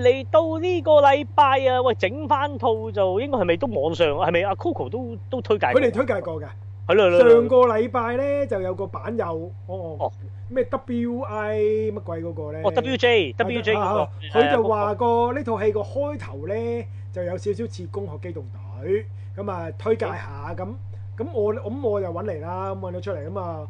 嚟到呢個禮拜啊，喂，整翻套就應該係咪都網上，係咪阿 Coco 都都推介？佢哋推介過嘅，係咯。上個禮拜咧就有個版友，哦哦，咩 WI 乜鬼嗰個咧？哦，WJ，WJ 嗰個，佢就話個呢套戲個開頭咧就有少少似《攻殼機動隊》，咁啊推介下，咁咁我咁我就搵嚟啦，搵咗出嚟啊嘛。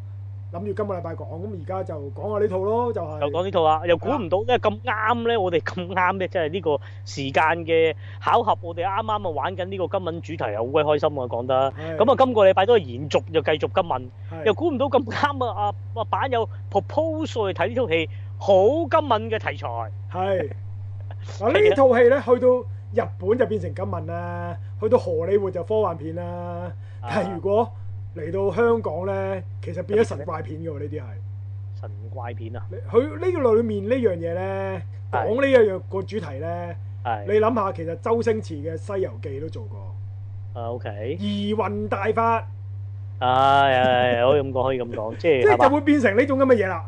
諗住今個禮拜講，咁而家就講下呢套咯，就係。就講呢套啊，又估唔到因為咁啱咧，我哋咁啱咧，即係呢個時間嘅巧合，我哋啱啱啊玩緊呢個今敏主題啊，好鬼開心啊，講得。咁啊，今個禮拜都係延續又繼續今敏，又估唔到咁啱啊！啊，啊版友 proposal 去睇呢套戲，好今敏嘅題材。係。啊，呢套戲咧去到日本就變成今敏啦，去到荷里活就科幻片啦，但係如果。嚟到香港咧，其實變咗神怪片嘅喎、啊，呢啲係神怪片啊！佢呢個裏面呢樣嘢咧，講呢一樣個主題咧，係你諗下，其實周星馳嘅《西遊記》都做過。啊，OK。移魂大法。唉、啊，可以咁講，可以咁講， 即係即係就會變成呢種咁嘅嘢啦。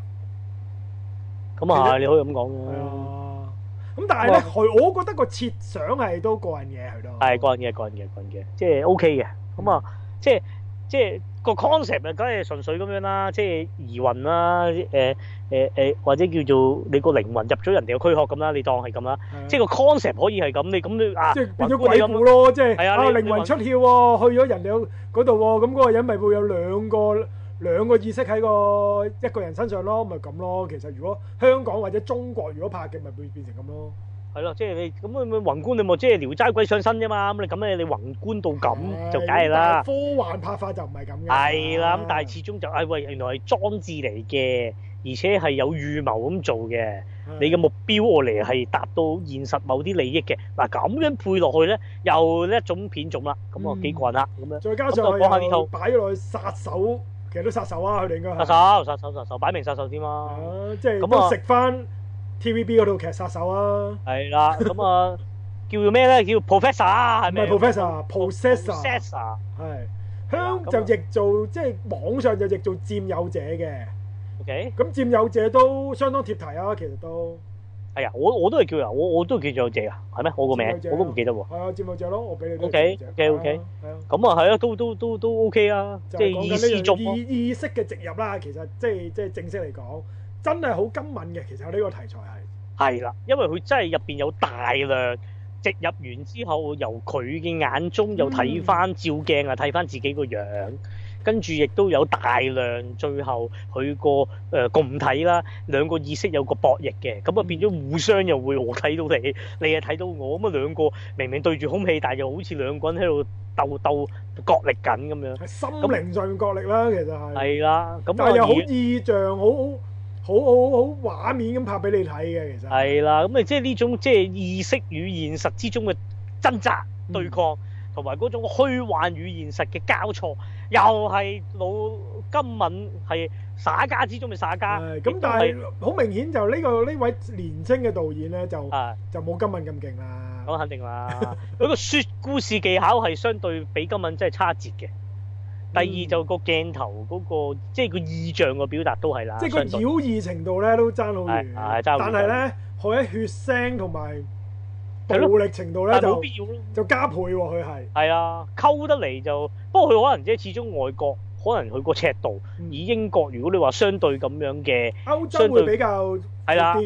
咁啊你可以咁講嘅。咁、啊嗯、但係咧，我覺得個設想係都個人嘅，佢都係個人嘅，個人嘅，個人嘅，即係 OK 嘅。咁、嗯、啊，即係。即係個 concept 啊，梗係純粹咁樣啦，即係移魂啦，誒誒誒，或者叫做你個靈魂入咗人哋個軀殼咁啦，你當係咁啦。即係個 concept 可以係咁，你咁你啊，即係變咗鬼故咯，即係啊靈魂出竅喎，去咗人哋嗰度喎，咁嗰個人咪會有兩個兩個意識喺個一個人身上咯，咪咁咯。其實如果香港或者中國如果拍嘅，咪會變成咁咯。係咯，即係你咁樣咁宏觀，你咪即係聊齋鬼上身啫嘛？咁你咁樣你宏觀到咁就梗係啦。科幻拍法就唔係咁樣。係啦，咁但係始終就係喂，原來係裝置嚟嘅，而且係有預謀咁做嘅。你嘅目標我嚟係達到現實某啲利益嘅。嗱咁樣配落去咧，又有一種片種啦。咁、嗯、啊幾慣啦咁樣。再加上擺落去殺手，其實都殺手啊，佢哋嘅殺手、殺手、殺手，擺明殺手添啊。咁我食翻。TVB 嗰套劇《殺手、啊啊》啊，係、就、啦、是，咁啊叫咩咧？叫 Professor 係咩？唔係 Professor，Professor，係，香就譯做即係網上就譯做占有者嘅。O K，咁占有者都相當貼題啊，其實都係啊，我我都係叫啊，我我都叫做有，有者啊，係咩？我個名我都唔記得喎。係啊，占、啊啊、有者咯，我俾你。O K，O K，O K，咁啊係、嗯、啊，都都都都 O K 啊，即、就、係、是、意，意思中、哦、意意識嘅植入啦、啊。其實即係即係正式嚟講。真係好今敏嘅，其實呢個題材係係啦，因為佢真係入邊有大量植入完之後，由佢嘅眼中又睇翻照鏡啊，睇、嗯、翻自己個樣，跟住亦都有大量最後佢、呃、個誒共體啦，兩個意識有個博弈嘅，咁啊變咗互相又會我睇到你，你又睇到我，咁啊兩個明明對住空氣，但係又好似兩個人喺度鬥鬥角力緊咁樣，係心靈上面角力啦，其實係係啦，咁啊好意象好好，很好好好畫面咁拍俾你睇嘅，其實係啦，咁你即係呢種即係、就是、意識與現實之中嘅掙扎對抗，同埋嗰種虛幻與現實嘅交錯，又係老今敏係耍家之中嘅耍家。咁但係好、就是、明顯就呢、這個呢位年青嘅導演咧就就冇今敏咁勁啦，好肯定啦，嗰 個說故事技巧係相對比今敏真係差一截嘅。第二就個鏡頭嗰、那個，即、就、係、是、個意象嘅表達都係啦。即係個妖異程度咧，都爭到。係係但係咧，佢喺血腥同埋暴力程度咧就必要就加倍喎。佢係係啊，溝、啊、得嚟就不過佢可能即係始終外國，可能佢個尺度、嗯。以英國，如果你話相對咁樣嘅，歐洲會比較。係啦，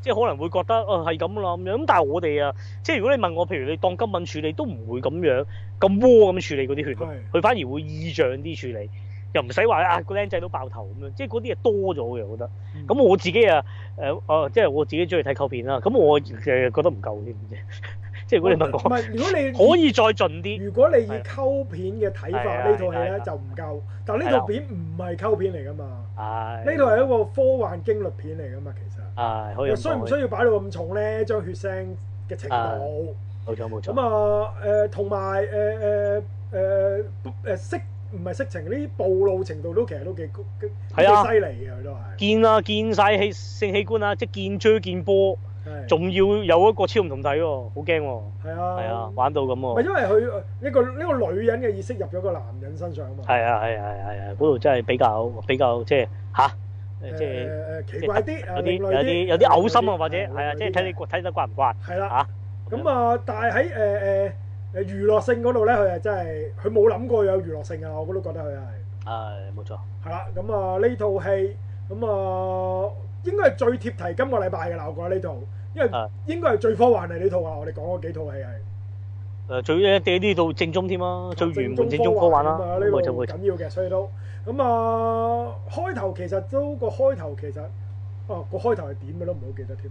即係可能會覺得啊，係咁啦咁樣。咁但係我哋啊，即係如果你問我，譬如你當金品處理都唔會咁樣咁窩咁處理嗰啲血，佢反而會意象啲處理，又唔使話啊個僆仔都爆頭咁樣。即係嗰啲嘢多咗嘅，我覺得。咁、嗯、我自己啊，哦、呃呃，即係我自己中意睇構片啦。咁我誒覺得唔夠添啫。即係如果你問我，唔係如果你可以再盡啲。如果你以溝片嘅睇法，呢套戲咧就唔夠。但係呢套片唔係溝片嚟噶嘛。係。呢套係一個科幻驚慄片嚟噶嘛，其實。係。又需唔需要擺到咁重咧？將血腥嘅程度。冇錯冇錯。咁啊誒同埋誒誒誒誒色唔係色情呢啲暴露程度都其實都幾都幾幾犀利㗎佢都係。見啊見晒器性器官啊，即係見追見波。仲要有一個超唔同仔喎，好驚喎！係啊，係啊，玩到咁喎。係因為佢呢、呢個呢、呢個女人嘅意識入咗個男人身上啊嘛、嗯啊。係啊，係啊，係啊，嗰度真係比較比較即係嚇，即係奇怪啲，有啲有啲有啲嘔心啊，或者係啊，即係睇你睇得慣唔慣。係啦，嚇咁啊！但係喺誒誒誒娛樂性嗰度咧，佢、呃、係真係佢冇諗過有娛樂性、哎、啊，我都覺得佢係。係冇錯。係啦，咁啊呢套戲咁啊應該係最貼題今個禮拜嘅鬧劇呢套。因為誒，應該係最科幻嚟呢套啊！我哋講嗰幾套戲係誒最一啲啲到正宗添啊，最原本正宗科幻啦。咁啊，就會緊要嘅，所以都。咁啊，開頭其實都個開頭其實啊個開頭係點嘅都唔好記得添。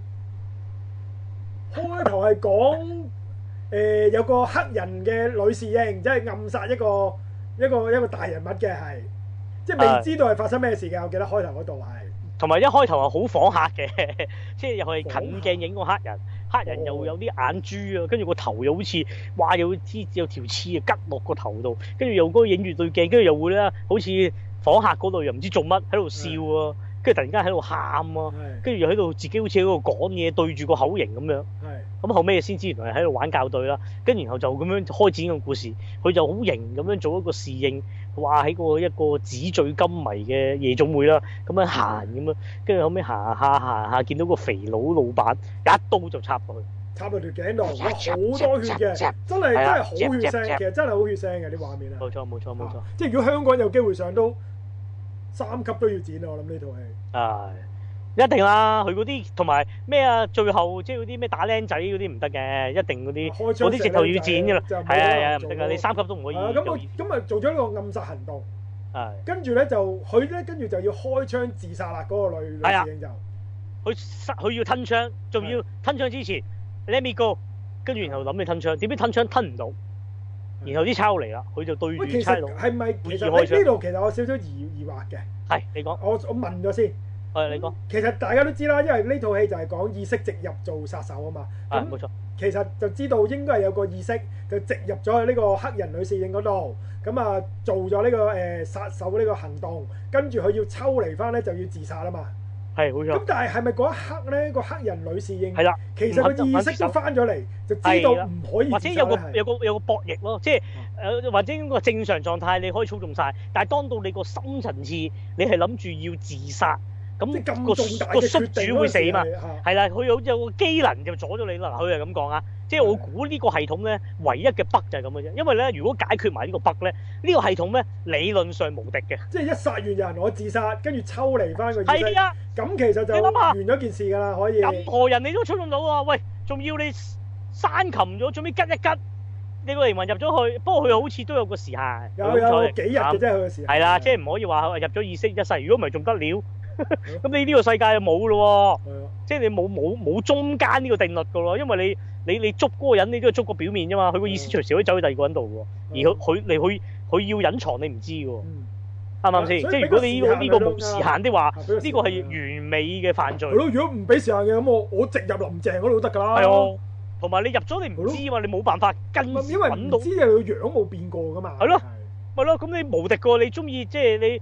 開頭係講誒有個黑人嘅女侍應，即係暗殺一個一個一個大人物嘅係，即係未知道係發生咩事嘅。我記得開頭嗰度係。同埋一開頭係好仿嚇嘅，即係又係近鏡影個黑人，黑人又有啲眼珠啊，跟住個頭又好似話有枝有條刺啊，吉落個頭度，跟住又嗰影住對鏡，跟住又會咧好似仿嚇嗰度，又唔知做乜喺度笑啊。跟住突然間喺度喊啊，跟住又喺度自己好似喺度講嘢，對住個口型咁樣，咁後尾先知原來喺度玩校對啦，跟住然後就咁樣開展個故事，佢就好型咁樣做一個侍應。話喺個一個紙醉金迷嘅夜總會啦，咁樣行咁樣，跟住後尾行下行下，見到個肥佬老，老闆，一刀就插落去，插到條頸度，好多血嘅，真係真係好血腥，其實真係好血腥嘅啲畫面啊！冇錯冇錯冇錯，即係如果香港有機會上到三級都要剪啊！我諗呢套戲。啊、哎！一定啦，佢嗰啲同埋咩啊？最後即係嗰啲咩打僆仔嗰啲唔得嘅，一定嗰啲開槍嗰啲直頭要剪噶啦。係啊係啊，唔得噶，你三級都唔可以咁、啊、我咁啊做咗一個暗殺行動，係跟住咧就佢咧跟住就要開槍自殺啦。嗰、那個女女攝影就佢佢要吞槍，仲要吞槍之前 let me go，跟住然後諗住吞槍，點知吞槍吞唔到，然後啲抄嚟啦，佢就對住啲細佬。其實係咪其實開槍喺呢度其實我少少疑疑惑嘅？係你講我我問咗先。係、嗯、你講，其實大家都知啦，因為呢套戲就係講意識植入做殺手啊嘛。冇、啊嗯、錯，其實就知道應該係有個意識就植入咗去呢個黑人女侍應嗰度，咁、嗯、啊做咗呢、這個誒、呃、殺手呢個行動，跟住佢要抽離翻咧就要自殺啊嘛。係冇錯。咁但係係咪嗰一刻咧，個黑人女侍應係啦，其實佢意識都翻咗嚟，就知道唔可以或者有個有個有個博弈咯，即係、嗯、或者個正常狀態你可以操縱晒。但係當到你個深層次，你係諗住要自殺。咁、嗯、個、那個宿主會死嘛，係啦、啊，佢、啊、有有個機能就阻咗你啦。佢係咁講啊，即係我估呢個系統咧，唯一嘅 bug 就係咁嘅啫。因為咧，如果解決埋呢個 bug 咧，呢、這個系統咧理論上無敵嘅。即係一殺完人，我自殺，跟住抽離翻個意識。係啊，咁其實就完咗件事㗎啦。可以你諗下。任何人你都操縱到啊！喂，仲要你山擒咗，最尾吉一吉，你個靈魂入咗去。不過佢好似都有個時限，有有幾日嘅啫。佢嘅、啊、時限。係啦、啊啊啊，即係唔可以話入咗意識一世。如果唔係，仲得了？咁 你呢個世界就冇咯，即係你冇冇冇中間呢個定律噶咯，因為你你你捉嗰個人，你都要捉個表面啫嘛，佢個意思隨時可以走去第二個人度噶，而佢佢你可佢要隱藏你唔知噶，啱唔啱先？即係如果你呢個呢個冇時限的話，呢個係完美嘅犯罪。係咯，如果唔俾時限嘅，咁我我直入林鄭嗰度得噶啦。係咯。同埋你入咗你唔知喎，你冇辦法跟到，因為唔知，唔知佢樣冇變過噶嘛。係咯，咪咯，咁你無敵噶，你中意即係你。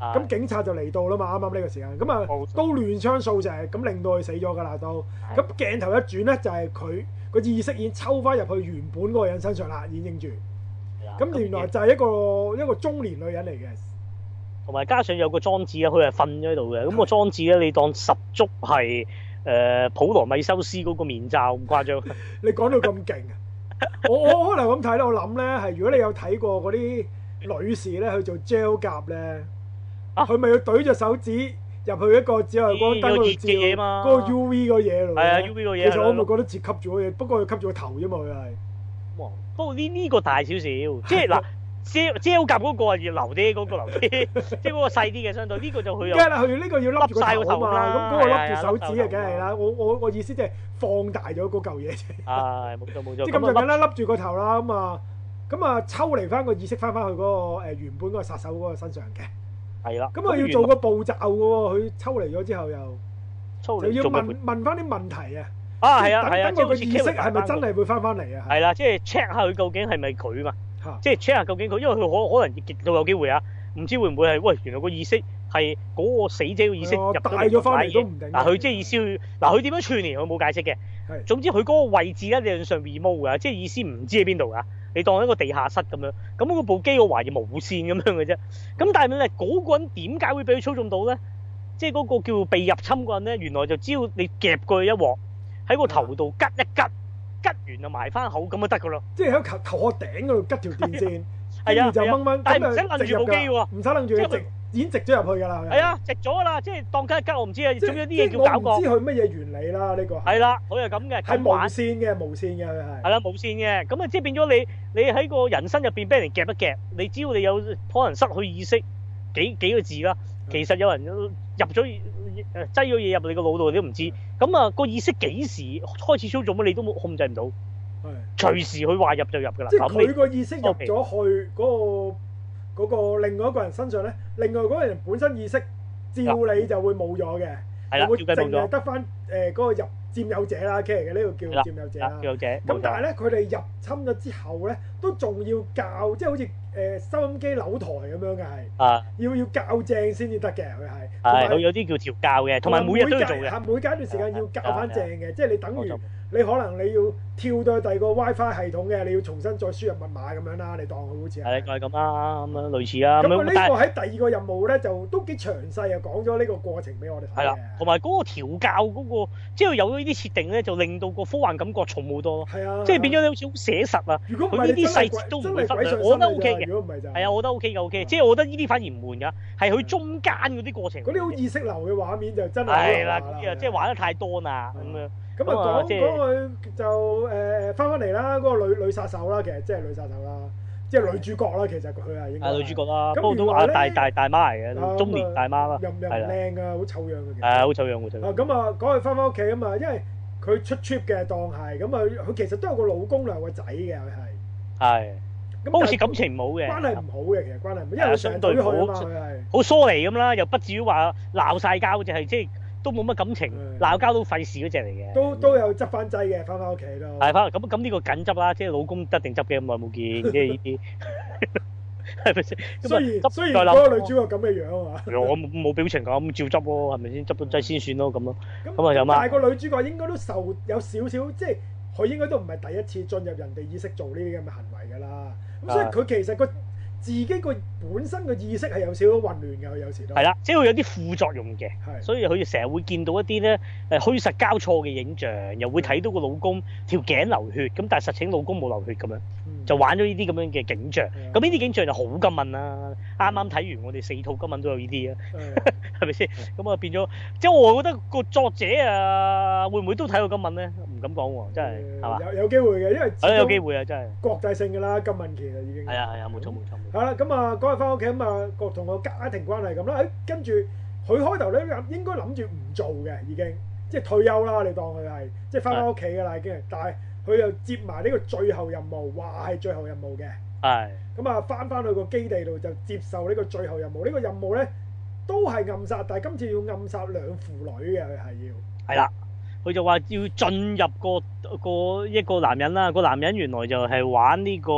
咁、啊、警察就嚟到啦嘛，啱啱呢個時間，咁啊都亂槍掃射，咁令到佢死咗噶啦都。咁鏡頭一轉咧，就係佢個意識已經抽翻入去原本嗰個人身上啦，已經住。咁原來就係一個、嗯、一個中年女人嚟嘅，同埋加上有個裝置啊，佢係瞓咗喺度嘅。咁、個裝置咧，你當十足係、呃、普羅米修斯嗰個面罩咁誇張。你講到咁勁啊！我 我可能咁睇咧，我諗咧係如果你有睇過嗰啲女士咧去做 gel 甲咧。佢、啊、咪要懟隻手指入去一個紫外光燈嗰度照嗰個 U V 個嘢咯，係啊 U V 個嘢。其實我咪覺得接吸住個嘢、啊，不過佢吸住個頭啫嘛。佢係哇，不過呢呢個大少少，即係嗱，膠膠夾嗰個要留啲，嗰個留啲，即係嗰個細啲嘅。相對呢個就去。梗係啦，佢呢個要笠晒個頭啊嘛。咁嗰個笠住手指啊，梗係啦。我我我意思即係放大咗嗰嚿嘢啫。冇冇即係咁就梗係笠住個頭啦。咁啊咁啊，抽離翻個意識翻翻去嗰個原本嗰個殺手嗰個身上嘅。係啦，咁啊要做個步驟噶喎，佢抽離咗之後又，抽離就要問問翻啲問題啊。啊係啊係啊，即係意識。啊，等緊我個意識係咪真係會翻翻嚟啊？係啦，即係 check 下佢究竟係咪佢嘛？即係 check 下究竟佢，因為佢可可能極度有機會啊，唔知會唔會係喂，原來個意識係嗰個死者個意識入咗嚟啊？大咗翻嚟都唔定。嗱，佢即係意思嗱，佢點樣串聯？佢冇解釋嘅。係。總之佢嗰個位置咧，理論上 remove 嘅，即係意思唔知喺邊度啊。你當一個地下室咁樣，咁嗰部機我懷疑無線咁樣嘅啫。咁但係咧，嗰個人點解會俾佢操縱到咧？即係嗰個叫被入侵嘅人咧，原來就只要你夾佢一鑊，喺個頭度拮一拮，拮完就埋翻口咁就得㗎喇。即係喺頭頭殼頂嗰度拮條電線，係啊，就掹、是、掹，咁就擸住部機喎，唔使擸住一直。已經直咗入去㗎啦，係啊，直咗啦，即係當吉吉，我唔知啊，仲有啲嘢叫搞過。唔知佢乜嘢原理啦，呢、這個係啦，佢係咁嘅。係無線嘅，無線嘅，係啦、啊，無線嘅，咁啊，即係變咗你，你喺個人生入邊俾人夾一夾，你只要你有可能失去意識，幾幾個字啦，其實有人入咗誒擠咗嘢入你個腦度，你都唔知。咁啊，個意識幾時開始操作乜你都控制唔到。隨時佢話入就入㗎啦。即係佢個意識入咗去嗰、okay 那個嗰、那個另外一個人身上咧，另外嗰個人本身意識照理就會冇咗嘅，會淨係得翻誒嗰個入的佔有者啦，K 嚟嘅呢個叫佔有者啦。咁但係咧，佢哋入侵咗之後咧，都仲要教，即、就、係、是、好似。誒收音機扭台咁樣嘅係、啊，要要校正先至得嘅佢係。係，佢、啊、有啲叫調校嘅，同埋每日都要做嘅。每間段時間要校翻正嘅，即係你等於你可能你要跳到去第二個 WiFi 系統嘅，你要重新再輸入密碼咁樣啦。你當佢好似係，就係咁啦，咁樣類似啦。咁啊，呢個喺第二個任務咧，就都幾詳細啊，講咗呢個過程俾我哋睇啦，同埋嗰個調校嗰個，即係有咗呢啲設定咧，就令到個科幻感覺重好多咯。係啊，即係變咗好似好寫實啊。如果唔係真鬼神，真鬼神。我覺得 OK。如果唔係就係啊，我覺得 OK 嘅 OK、啊、即係我覺得呢啲反而唔悶噶，係佢中間嗰啲過程。嗰啲好意識流嘅畫面就真係。係啦、啊，即、就、係、是、玩得太多啦咁、啊、樣。咁、那個、啊講講佢就誒誒翻返嚟啦，嗰、那個女女殺手啦，其實即係女殺手啦、啊，即係女主角啦，其實佢係已女主角啦，咁過都啊大大大媽嚟嘅，中年大媽啦。又又、啊、靚嘅、啊，好、啊、醜樣嘅。係啊，好醜樣嘅真係。咁啊，講佢翻返屋企咁啊，因為佢出 trip 嘅當係，咁佢佢其實都有個老公兩個仔嘅佢係。係。好似感情唔好嘅，關係唔好嘅，其實關係唔好，因為相對好好疏離咁啦，又不至於話鬧晒交，就係即係都冇乜感情，鬧交都費事嗰隻嚟嘅。都都有執返劑嘅，返返屋企咯。係返咁咁呢個緊執啦，即係老公一定執嘅，咁耐冇見即係呢啲。所以所以嗰個女主角咁嘅樣啊，我冇表情㗎，咁照執喎，係咪先執到劑先算咯咁咯。咁啊有嘛？但係個女主角應該都受有少少，即係佢應該都唔係第一次進入人哋意識做呢啲咁嘅行為㗎啦。咁所以佢其實個自己個本身嘅意識係有少少混亂嘅，佢有時都係啦，即係會有啲副作用嘅，係，所以佢成日會見到一啲咧誒虛實交錯嘅影像，又會睇到個老公條頸流血，咁但係實情老公冇流血咁樣。就玩咗呢啲咁樣嘅景象，咁呢啲景象就好今、啊嗯、好今敏啦。啱啱睇完我哋四套今敏都有呢啲啊，係咪先？咁、嗯、啊變咗，即係我覺得個作者啊，會唔會都睇過今敏咧？唔敢講喎、啊，真係係嘛？有有機會嘅，因為有機會啊，真係國際性㗎啦，今敏其實已經係啊係啊冇錯冇錯。係、嗯、啦，咁啊嗰日翻屋企咁啊，同個家庭關係咁啦。誒，跟住佢開頭咧諗應該諗住唔做嘅，已經即係退休啦。你當佢係即係翻返屋企㗎啦已經，但係。佢又接埋呢個最後任務，話係最後任務嘅。係。咁啊，返返去個基地度就接受呢個最後任務。呢、這個任務咧都係暗殺，但係今次要暗殺兩父女嘅，佢係要。係啦，佢就話要進入個個一個男人啦。個男人原來就係玩呢個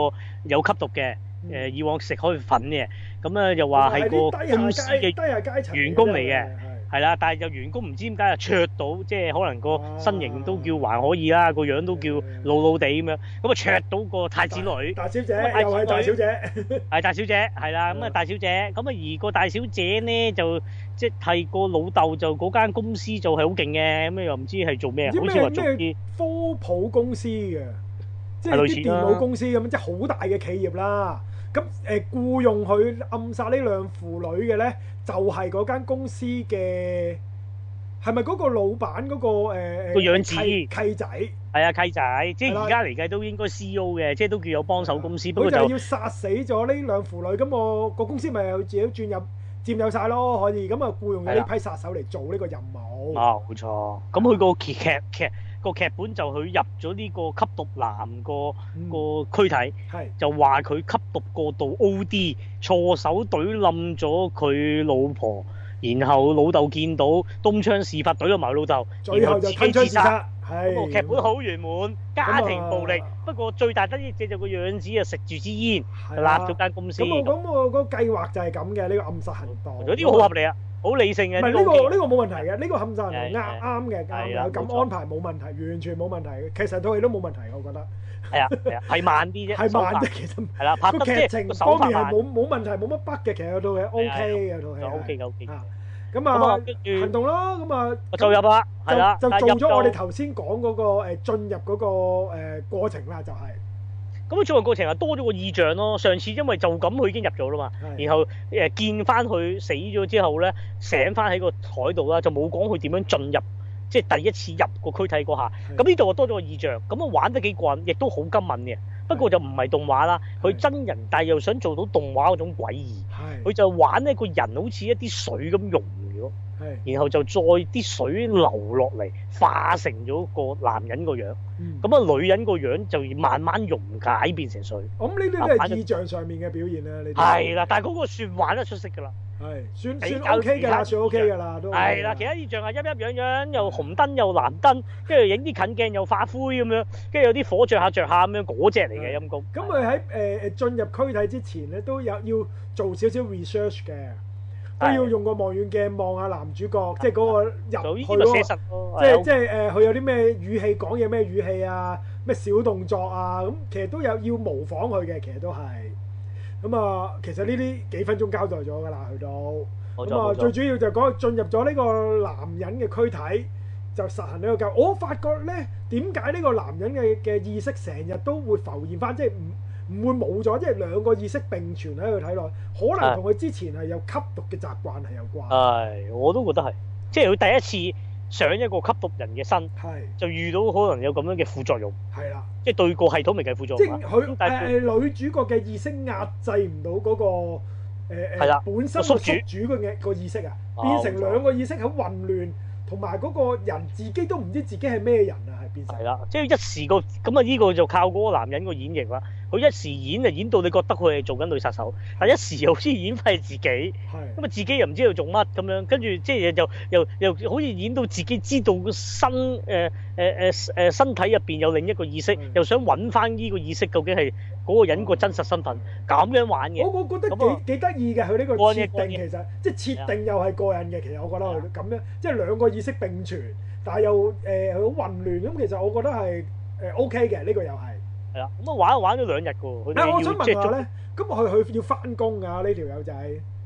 有吸毒嘅，誒、嗯、以往食開粉嘅。咁咧就話係個公司嘅低級階層員工嚟嘅。係啦，但係就員工唔知點解啊，灼到即係可能個身形都叫還可以啦，個樣都叫老老哋咁樣，咁啊灼到個太子女，大小姐又係大小姐，係大小姐係啦，咁啊大小姐，咁啊而個大小姐咧就即係替個老豆就嗰、是、間公司就係好勁嘅，咁啊又唔知係做咩，好似話做啲科普公司嘅，即係類似啲電腦公司咁樣，即係好大嘅企業啦。咁誒，僱用佢暗殺呢兩父女嘅咧，就係嗰間公司嘅，係咪嗰個老闆嗰個誒？個樣子契仔。係啊，契仔，即係而家嚟計都應該 C.O. 嘅，即係都叫有幫手公司。不過佢就係要殺死咗呢兩父女，咁我個公司咪有自己轉入佔有曬咯，可以咁啊僱用呢批殺手嚟做呢個任務。哦，冇錯。咁佢個劇劇劇？個劇本就佢入咗呢個吸毒男、嗯、個個軀體，就話佢吸毒過度 OD，錯手懟冧咗佢老婆，然後老豆見到東窗事發懟咗埋老豆，然後就自，自殺。係，個、劇本好圓滿，家庭暴力、啊。不過最大得益者就個樣子啊，食住支煙，立咗間公司。咁、啊、我咁我個計劃就係咁嘅呢個暗殺行動。我覺好合理啊！好理性嘅，唔係呢個呢個冇問題嘅，呢個冚山嚟啱啱嘅，咁安排冇問題，完全冇問題。其實套戲都冇問題，我覺得。係啊，係慢啲啫，係慢啲。其實係啦，拍得即係個手法慢。個劇情方面係冇冇問題，冇乜北嘅。其實個套戲 OK 嘅套戲。就 OK 嘅 OK。咁啊行動啦，咁啊就入啦，係啦，就做咗我哋頭先講嗰個誒進入嗰個誒過程啦，就係。咁啊，做嘅過程啊，多咗個意象咯。上次因為就咁，佢已經入咗啦嘛。然後誒見翻佢死咗之後咧，醒翻喺個台度啦，就冇講佢點樣進入，即係第一次入個軀體嗰下。咁呢度多咗個意象。咁啊，玩得幾慣，亦都好今敏嘅。不過就唔係動畫啦，佢真人，但又想做到動畫嗰種詭異。佢就玩呢個人好似一啲水咁溶。然後就再啲水流落嚟，化成咗個男人個樣。咁、嗯、啊，女人個樣就慢慢溶解變成水。咁呢啲都係意象上面嘅表現啦。你係啦，但係嗰個算，玩得出色噶啦。係，算算 OK 㗎，算 OK 㗎啦、OK。都係啦，其他意象係陰陰陽陽又紅燈又藍燈跟住影啲近鏡又花灰咁樣，跟 住有啲火著下著下咁樣嗰隻嚟嘅陰功。咁佢喺誒進入軀體之前咧，都有要做少少 research 嘅。都要用個望遠鏡望下男主角，即係嗰個入去嗰，即係即係誒，佢有啲咩語氣講嘢咩語氣啊，咩小動作啊，咁其實都有要模仿佢嘅，其實都係。咁啊，其實呢啲幾分鐘交代咗㗎啦，去到。我做咗。咁啊，最主要就講進入咗呢個男人嘅軀體，就實行呢個交。我發覺咧，點解呢個男人嘅嘅意識成日都會浮現翻，即係唔～唔會冇咗，即係兩個意識並存喺佢體內，可能同佢之前係有吸毒嘅習慣係有關。係，我都覺得係，即係佢第一次上一個吸毒人嘅身，係就遇到可能有咁樣嘅副作用。係啦，即係對個系統未計副作用即係佢、呃、女主角嘅意識壓制唔到嗰個、呃、本身宿主嘅個意識啊，變成兩個意識好混亂，同埋嗰個人自己都唔知自己係咩人啊，係變成係啦，即係一時個咁啊！呢個就靠嗰個男人個演繹啦。佢一時演就演到你覺得佢係做緊女殺手，但一時又好似演翻係自己，咁啊自己又唔知道要做乜咁樣，跟住即係又又又好似演到自己知道個身誒誒誒誒身體入邊有另一個意識，嗯、又想揾翻呢個意識究竟係嗰個人個真實身份，咁、嗯、樣玩嘅。我我覺得幾幾得意嘅，佢呢個設定個人嘅個人嘅其實，即係設定又係個人嘅，其實我覺得係咁樣，即係兩個意識並存，但係又誒好、呃、混亂，咁其實我覺得係誒、呃、OK 嘅，呢、呢個又係。係啦，咁啊玩一玩咗兩日嘅喎。係，我想問下咧，咁佢佢要翻工㗎呢條友仔。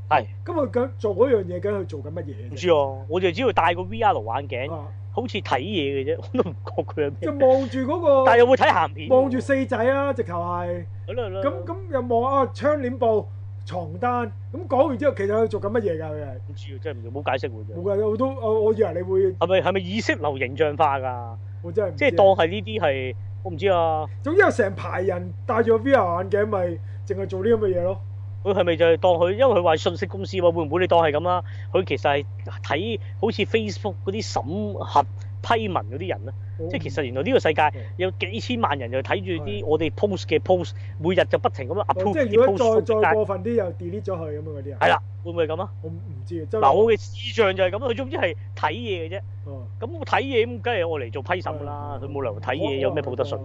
係。咁佢咁做嗰樣嘢，咁佢做緊乜嘢？唔知啊，我哋只要戴個 VR 眼鏡、啊，好似睇嘢嘅啫，我都唔覺佢有。就望住嗰個。但又會睇鹹片。望住四仔啦、啊，直頭係。咁咁又望啊窗簾布、床單，咁講完之後，其實佢做緊乜嘢㗎？佢係。唔知啊，真係唔知，冇解釋喎。冇㗎，我都我以為你會係咪係咪意識流形象化㗎？我真係即係當係呢啲係。我唔知啊，總之有成排人戴咗 VR 眼鏡，咪淨係做呢咁嘅嘢咯。佢係咪就係當佢？因為佢話信息公司嘛，會唔會你當係咁啦？佢其實係睇好似 Facebook 嗰啲審核。批文嗰啲人咧，即係其實原來呢個世界有幾千萬人又睇住啲我哋 post 嘅 post，每日就不停咁樣 update 啲 post。即係過分啲又 delete 咗佢咁樣嗰啲啊。係啦，會唔會咁啊？我唔知。嗱，我嘅思想就係咁，佢總之係睇嘢嘅啫。哦、嗯。咁我睇嘢咁梗係我嚟做批審啦，佢冇理由睇嘢有咩報得信？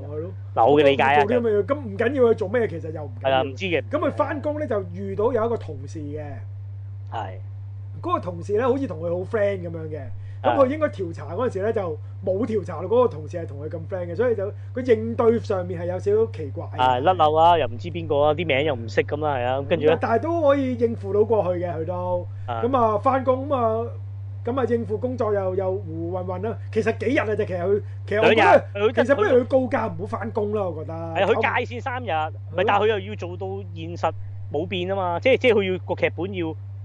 嗱，我嘅、啊、理解啊、就是。咁唔緊要佢做咩，其實又唔係。係啊，唔知嘅。咁佢翻工咧就遇到有一個同事嘅。係。嗰、那個同事咧好似同佢好 friend 咁樣嘅。咁佢應該調查嗰陣時咧，就冇調查到嗰個同事係同佢咁 friend 嘅，所以就佢應對上面係有少少奇怪。啊，甩漏啊，又唔知邊個啊，啲名又唔識咁啦，係啊，跟住咧。但係都可以應付到過去嘅，佢都。啊。咁啊，返工咁啊，咁啊應付工作又又胡混混啦。其實幾日啊？隻劇佢，其實兩日。其實不如佢告假唔好返工啦，我覺得。係佢戒先三日，咪但係佢又要做到現實冇變啊嘛，即係即係佢要個劇本要。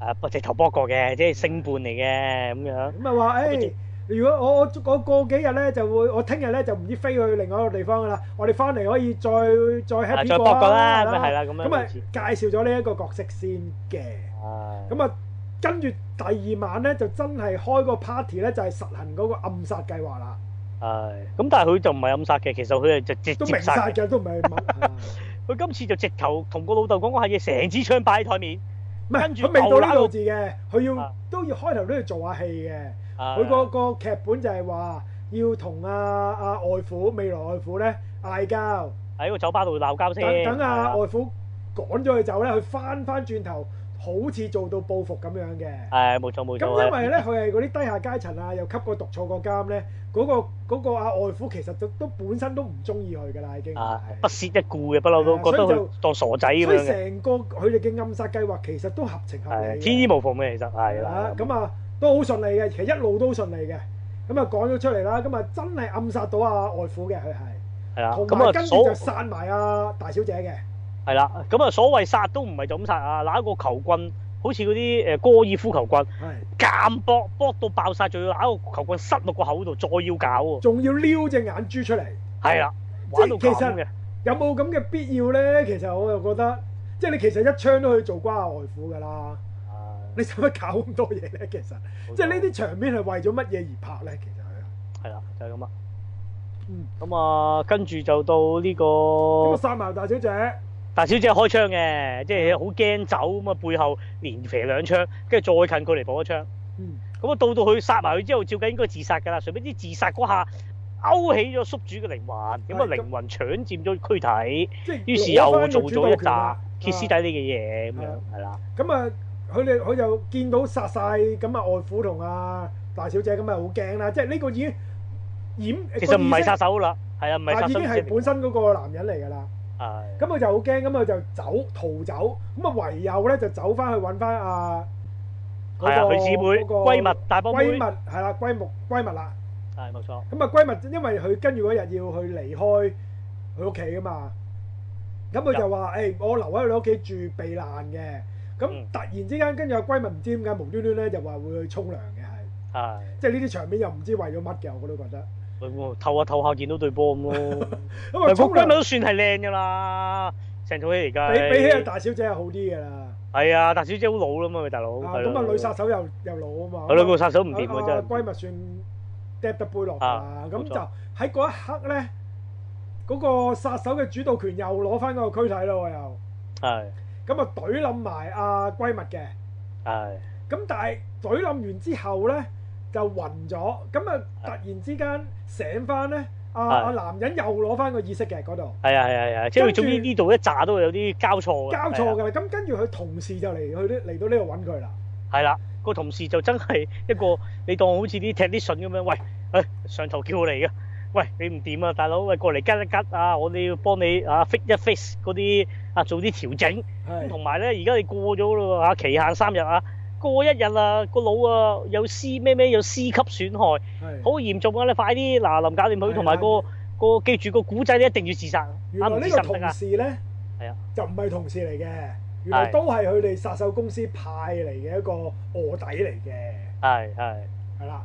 誒，搏直頭搏過嘅，即係勝半嚟嘅咁樣。咁啊話，誒，如果我我過過幾日咧，就會我聽日咧就唔知飛去另外一個地方噶啦。我哋翻嚟可以再再 happy 過啊！再搏過啦，咪係啦，咁樣。咁啊，介紹咗呢一個角色先嘅。啊。咁啊，跟住第二晚咧，就真係開個 party 咧，就係實行嗰個暗殺計劃啦。係。咁但係佢就唔係暗殺嘅，其實佢係就直接都明殺嘅，都唔係。佢今次就直頭同個老豆講嗰下嘢，成支槍擺喺台面。唔係，佢未到呢個字嘅，佢要、啊、都要開頭都要做下戲嘅。佢、啊嗰個、嗰個劇本就係話要同阿阿外父未來外父咧嗌交，喺個酒吧度鬧交先。等阿、啊、外父趕咗佢走咧，佢返返轉頭。好似做到報復咁樣嘅，係冇錯冇錯。咁因為咧，佢係嗰啲低下階層啊，又吸過毒、坐過監咧，嗰、嗰個嗰、嗰個、外父其實都都本身都唔中意佢噶啦已經。係、啊、不屑一顧嘅，不嬲都覺得就當傻仔咁樣。成、啊、個佢哋嘅暗殺計劃其實都合情合理、哎。天衣無縫嘅其實係啦。咁、哎、啊、嗯、啊都好順利嘅，其實一路都順利嘅。咁啊講咗出嚟啦，咁啊真係暗殺到啊外父嘅佢係。係啊。同埋跟住就殺埋啊大小姐嘅。係啦，咁啊，所謂殺都唔係就咁殺啊！嗱一個球棍，好似嗰啲誒高爾夫球棍，咁搏搏到爆晒，仲要嗱一個球棍塞落個口度，再要搞喎，仲要撩隻眼珠出嚟，係啦，玩到幾深嘅？有冇咁嘅必要咧？其實我又覺得，即係你其實一槍都可以做瓜外父噶啦，你使乜搞咁多嘢咧？其實，即係呢啲場面係為咗乜嘢而拍咧？其實係，係啦，就係咁啊。嗯，咁啊，跟住就到呢、呢個要要殺埋大小姐。大小姐開槍嘅，即係好驚走咁啊！背後連射兩槍，跟住再近佢嚟補一槍。咁、嗯、啊到到佢殺埋佢之後，照計應該自殺㗎啦。誰不知自殺嗰下勾起咗宿主嘅靈魂，咁啊靈魂搶佔咗軀體，於是又做咗一集歇斯底里啲嘅嘢咁樣。係啦。咁啊，佢哋佢又見到殺晒咁啊，外父同阿大小姐咁啊，好驚啦！即係呢個已經染。其實唔係殺手啦，係啊，唔係殺手，已經係本身嗰個男人嚟㗎啦。咁佢就好驚，咁佢就走逃走，咁啊唯有咧就走翻去揾翻阿阿佢姊妹閨蜜，那個，大波閨蜜，閨蜜係啦閨蜜閨蜜啦，係冇錯。咁啊閨蜜，因為佢跟住嗰日要去離開佢屋企噶嘛，咁佢就話誒、欸、我留喺你屋企住避難嘅，咁突然之間跟住個閨蜜唔知點解無端端咧就話會去沖涼嘅係，係即係呢啲場面又唔知為咗乜嘅，我都覺得。唞下唞下見到對波咁咯，咁啊閨蜜都算係靚㗎喇，陳楚希而家比比起阿大小姐好啲㗎喇，係啊大小姐好老吖嘛，大佬，咁啊女殺手又又老啊嘛，啊女殺手唔掂喎真係，閨蜜算嗲得杯落啦，咁就喺嗰一刻咧，嗰個殺手嘅主導權又攞翻嗰個軀體咯，我又，係，咁啊隊冧埋阿閨蜜嘅，係，咁但係隊冧完之後咧。就暈咗，咁啊突然之間醒翻咧，阿阿男人又攞翻個意識嘅嗰度。係啊係係係，即係佢總之呢度一紮都會有啲交錯嘅。交錯嘅，咁跟住佢同事就嚟去啲嚟到呢度揾佢啦。係啦，個同事就真係一個，你當好似啲踢啲筍咁樣，喂，誒上頭叫我嚟嘅，喂你唔掂啊，大佬，喂過嚟吉一吉啊，我哋要幫你啊 fit 一 fit 嗰啲啊做啲調整，咁同埋咧而家你過咗咯喎嚇，期限三日啊！過一日啦、啊，個腦啊有 C 咩咩有 C 級損害，好嚴重啊！你快啲嗱，臨搞掂佢，同埋個個記住個古仔，你一定要自殺。原來呢個同事咧，係啊，就唔係同事嚟嘅，原來都係佢哋殺手公司派嚟嘅一個臥底嚟嘅。係係係啦，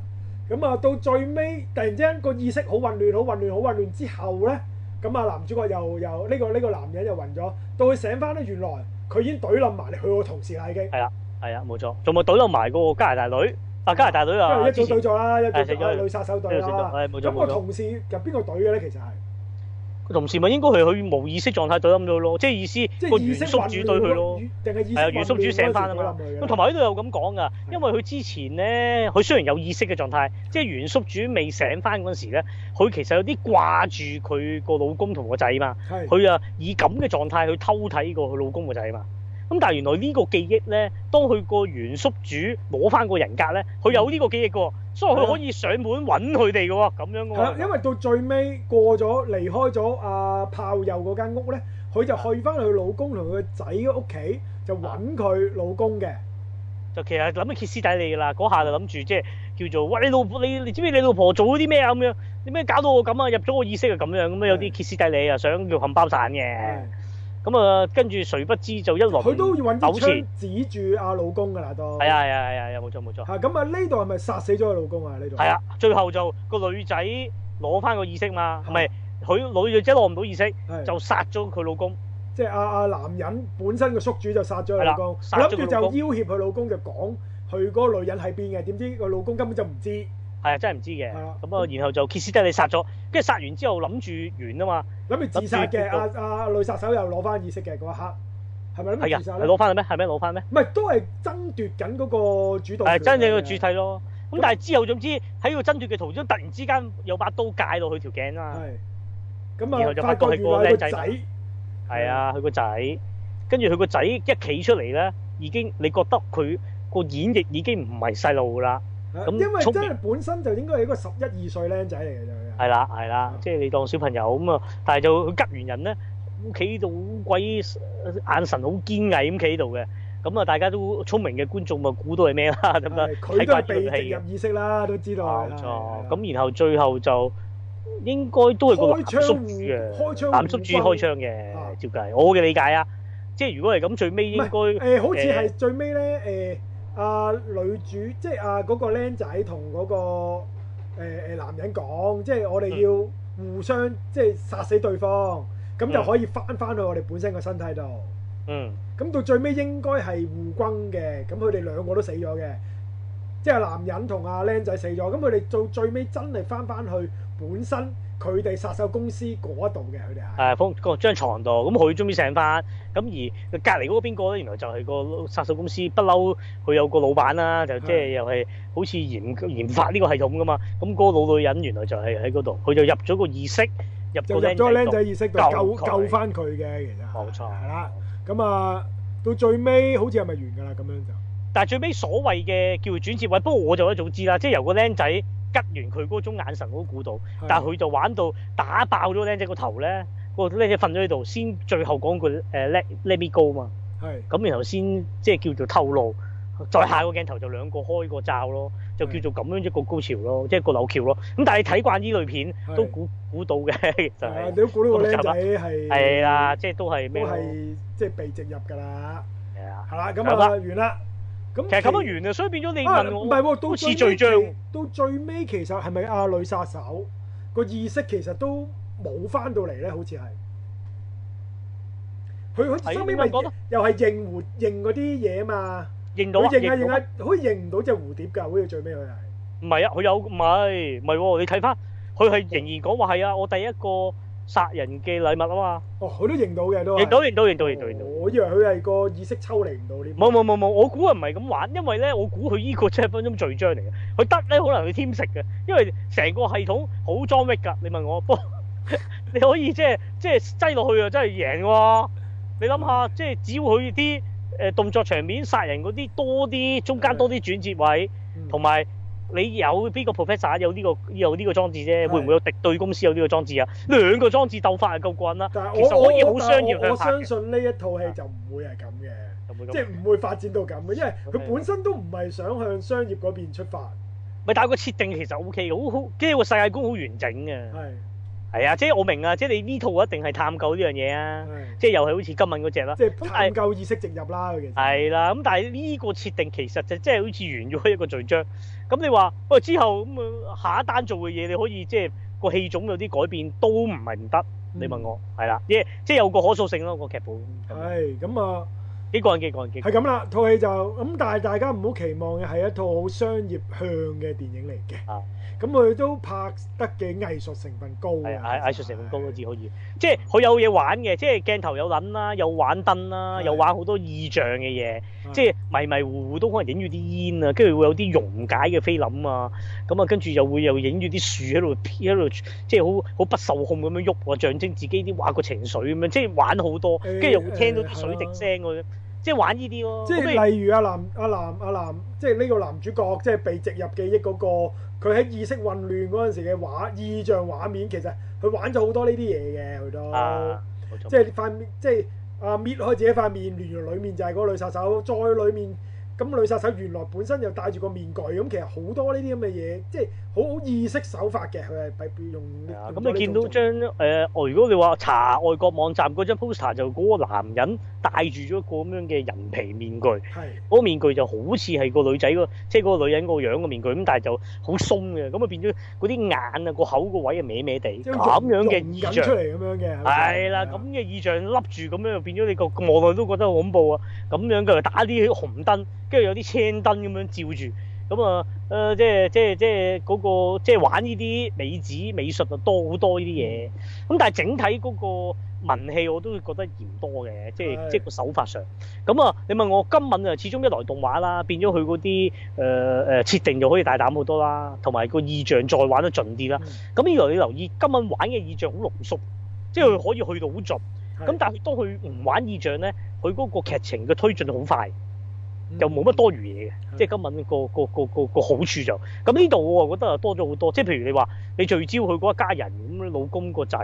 咁啊到最尾突然之間個意識好混亂，好混亂，好混亂之後咧，咁啊男主角又又呢、呢個呢、呢個男人又暈咗，到佢醒翻咧，原來佢已經懟冧埋你佢個同事啦已經。係啊。係啊，冇 錯樂，仲咪懟冧埋個加拿大女啊！加拿大女、就是、啊，一組對咗啦，一組組女殺手隊啦。咁、欸哎那個同事入邊個隊嘅咧？其實係個同事咪應該係佢無意識狀態對冧咗咯，即、就、係、是、意思個原、就是、宿主對佢咯。係啊，原宿主醒翻啊嘛。咁同埋呢度有咁講噶，因為佢之前咧，佢雖然有意識嘅狀態，即係原宿主未醒翻嗰陣時咧，佢其實有啲掛住佢個老公同個仔嘛。佢啊以咁嘅狀態去偷睇個佢老公個仔啊嘛。咁但係原來呢個記憶咧，當佢個原宿主摸翻個人格咧，佢有呢個記憶嘅，所以佢可以上門揾佢哋嘅，咁樣、嗯嗯、因為到最尾過咗離開咗阿、啊、炮友嗰間屋咧，佢就去翻佢老公同佢個仔屋企，就揾佢老公嘅。就其實諗起歇斯底里嘅啦，嗰下就諗住即係叫做喂，你老你你知唔知你老婆做咗啲咩啊咁樣？你咩搞到我咁啊？入咗我意識係咁樣咁啊？有啲歇斯底里啊，想叫冚包散嘅。嗯咁、嗯、啊，跟住誰不知就一鑊麵糾纏，指住阿老公噶啦，都係啊係啊係啊，冇錯冇錯。嚇咁啊，呢度係咪殺死咗佢老公啊？呢度係啊，最後就個女仔攞翻個意識嘛，係咪？佢女仔攞唔到意識，就殺咗佢老公。即係、啊、阿男人本身個宿主就殺咗佢老公，我諗住就要挾佢老公，就講佢嗰個女人喺邊嘅，點知個老公根本就唔知。係啊，真係唔知嘅。咁啊、嗯啊，啊，啊，啊，嗯、啊，然後就傑斯特利殺咗，跟住殺完之後諗住完啊嘛，諗住自殺嘅。阿阿女殺手又攞翻意識嘅嗰一刻，係咪咁？係啊，攞翻嚟咩？係咩攞翻咩？唔係，都係爭奪緊嗰個主動。係爭奪緊個主體咯。咁但係之後總之喺個爭奪嘅途中，突然之間有把刀介到佢條頸啊嘛。係。咁啊，然後就發覺係個靚仔。係啊，佢個仔。跟住佢個仔一企出嚟咧，已經你覺得佢個演繹已經唔係細路噶啦。因為真係本身就應該係一個十一二歲僆仔嚟嘅，就係。係啦，係啦、嗯，即係你當小朋友咁啊！但係就佢吉完人咧，屋企度好鬼眼神好堅毅咁企喺度嘅。咁啊，大家都聰明嘅觀眾咪估到係咩啦？咁樣睇怪象氣嘅。植入意識啦，都知道。冇錯。咁然後最後就應該都係個男宿主嘅。男宿主開槍嘅、嗯，照計。我嘅理解啊，即係如果係咁，最尾應該誒、呃、好似係最尾咧誒。呃阿、啊、女主即係阿嗰個僆仔同嗰個誒、呃、男人講，即係我哋要互相、嗯、即係殺死對方，咁就可以翻翻去我哋本身個身體度。嗯，咁到最尾應該係互轟嘅，咁佢哋兩個都死咗嘅，即係男人同阿僆仔死咗，咁佢哋到最尾真係翻翻去本身。佢哋殺手公司嗰度嘅佢哋係，誒放個張床度，咁佢終於醒翻，咁而隔離嗰個邊個咧，原來就係個殺手公司不嬲，佢有個老闆啦，就即係又係好似研研發呢個系統噶嘛，咁、那、嗰個老女人原來就係喺嗰度，佢就入咗個意識，入到入咗僆仔意識救救翻佢嘅，他的其實冇錯，係啦，咁啊到最尾好似係咪完㗎啦咁樣就，但係最尾所謂嘅叫做轉接位，不過我就、就是、一早知啦，即係由個僆仔。吉完佢嗰種眼神我都估到，但係佢就玩到打爆咗僆仔個頭咧，個僆仔瞓咗喺度，先最後講句 l e 誒 Let me go 嘛，咁然後先即係叫做透露，再下個鏡頭就兩個開個罩咯，就叫做咁樣一個高潮咯，即係個扭橋咯。咁但係睇慣呢類片都估估到嘅， 其實係、係、你都估到僆仔係係啦，係即係都係咩？即係被植入㗎啦，係啊，係啦，咁完啦。咁其實咁樣完啦，所以變咗你問我，好似最尾到最尾其實係咪阿女殺手個意識其實都冇翻到嚟咧？好似係，佢佢收尾咪又係認活認嗰啲嘢嘛，認到認啊認啊，好似認唔到隻蝴蝶㗎。好似最尾佢係唔係啊？佢有唔係唔係喎？你睇翻佢係仍然講話係啊！我第一個。殺人嘅禮物啊嘛！哦，佢都認到嘅都認到認到認到、哦、認到。我以為佢係個意識抽離唔到啲。冇冇冇冇，我估啊唔係咁玩，因為咧我估佢依個七分鐘序章嚟嘅。佢得咧，可能佢添食嘅，因為成個系統好裝逼㗎。你問我，不 你可以即係即係擠落去啊，真係贏喎！你諗下，即係只要佢啲誒動作場面殺人嗰啲多啲，中間多啲轉折位，同埋。嗯你有邊個 professor 有呢個有呢個裝置啫？會唔會有敵對公司有呢個裝置啊？兩個裝置鬥法啊，夠棍啦！其實可以好商業，我，我相信呢一套戲就唔會係咁嘅，即係唔會發展到咁嘅，因為佢本身都唔係想向商業嗰邊出發。係，但個設定其實 O K 嘅，好，即係個世界觀好完整嘅。係。係啊，即係我明啊，即係你呢套一定係探究呢樣嘢啊，即係又係好似今敏嗰隻啦，即係、就是、探究意識植入啦。係啦，咁、啊、但係呢個設定其實就即係好似完咗一個序章。咁你話，喂之後咁下一單做嘅嘢，你可以即係個戲種有啲改變都唔係唔得。你問我係啦、啊，即係有個可塑性咯、啊、個劇本。係咁啊，幾個人幾個人幾係咁啦，套戲就咁，但係大家唔好期望嘅係一套好商業向嘅電影嚟嘅。啊咁佢都拍得嘅藝術成分高嘅，係係藝術成分高都至可以，即係佢有嘢玩嘅，即係鏡頭有撚啦、啊，有玩燈啦、啊，又玩好多意象嘅嘢，即係迷迷糊糊都可能影住啲煙啊，跟住會有啲溶解嘅菲林啊，咁啊跟住又會又影住啲樹喺度，喺度即係好好不受控咁樣喐，啊，象徵自己啲畫個情緒咁樣，即係玩好多，跟、欸、住又會聽到啲水滴聲咁樣、啊，即係玩呢啲咯。即係例如阿南阿南阿南，即係呢個男主角，即係被植入記憶嗰、那個。佢喺意識混亂嗰陣時嘅畫意象畫面，其實佢玩咗好多呢啲嘢嘅，佢、啊、都即係塊、嗯、即係搣開自己塊面，原來裏面就係個女殺手，再裏面咁女殺手原來本身又戴住個面具，咁其實好多呢啲咁嘅嘢，即係好好意識手法嘅，佢係用。咁、啊、你，你見到張誒、呃，如果你話查外國網站嗰張 poster 就嗰個男人。戴住咗個咁樣嘅人皮面具，嗰個面具就好似係個女仔個，即係個女人個樣嘅面具，咁但係就好鬆嘅，咁啊變咗嗰啲眼啊，個口個位啊，歪歪地，咁樣嘅意象出嚟咁樣嘅，係啦，咁嘅意象笠住咁樣，又變咗你個望落都覺得好恐怖啊！咁樣佢又打啲紅燈，跟住有啲青燈咁樣照住，咁啊，誒即係即係即係嗰個即係玩呢啲美指美術啊多好多呢啲嘢，咁、嗯、但係整體嗰、嗰個。文戲我都覺得嫌多嘅，即係即係個手法上。咁啊，你問我今敏啊，始終一來動畫啦，變咗佢嗰啲誒誒設定就可以大膽好多啦，同埋個意象再玩得盡啲啦。咁呢度你留意，今敏玩嘅意象好濃縮，即係佢可以去到好盡。咁但係當佢唔玩意象咧，佢嗰個劇情嘅推進好快，嗯、又冇乜多餘嘢嘅。即係今敏、那個個個個個好處就，咁呢度我啊覺得啊多咗好多。即係譬如你話你聚焦佢嗰一家人咁，老公個仔。